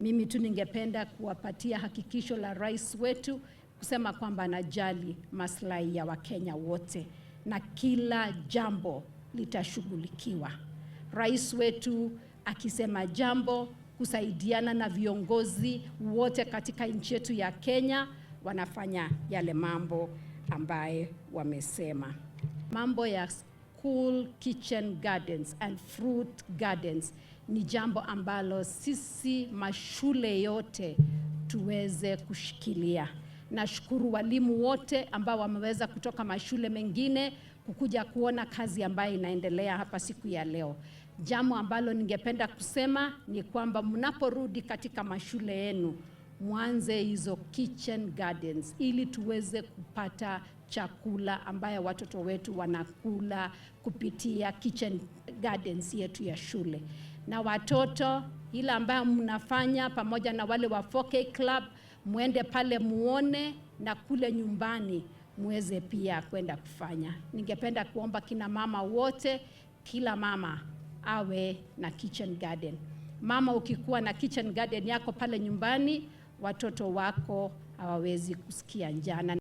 Mimi tu ningependa kuwapatia hakikisho la rais wetu kusema kwamba anajali maslahi ya Wakenya wote na kila jambo litashughulikiwa. Rais wetu akisema jambo, kusaidiana na viongozi wote katika nchi yetu ya Kenya, wanafanya yale mambo ambaye wamesema. Mambo ya cool kitchen gardens and fruit gardens ni jambo ambalo sisi mashule yote tuweze kushikilia. Nashukuru walimu wote ambao wameweza kutoka mashule mengine kukuja kuona kazi ambayo inaendelea hapa siku ya leo. Jambo ambalo ningependa kusema ni kwamba mnaporudi katika mashule yenu mwanze hizo kitchen gardens ili tuweze kupata chakula ambayo watoto wetu wanakula kupitia kitchen gardens yetu ya shule. Na watoto, ile ambayo mnafanya pamoja na wale wa 4K club, muende pale muone, na kule nyumbani muweze pia kwenda kufanya. Ningependa kuomba kina mama wote, kila mama awe na kitchen garden. Mama, ukikuwa na kitchen garden yako pale nyumbani watoto wako hawawezi kusikia njaa.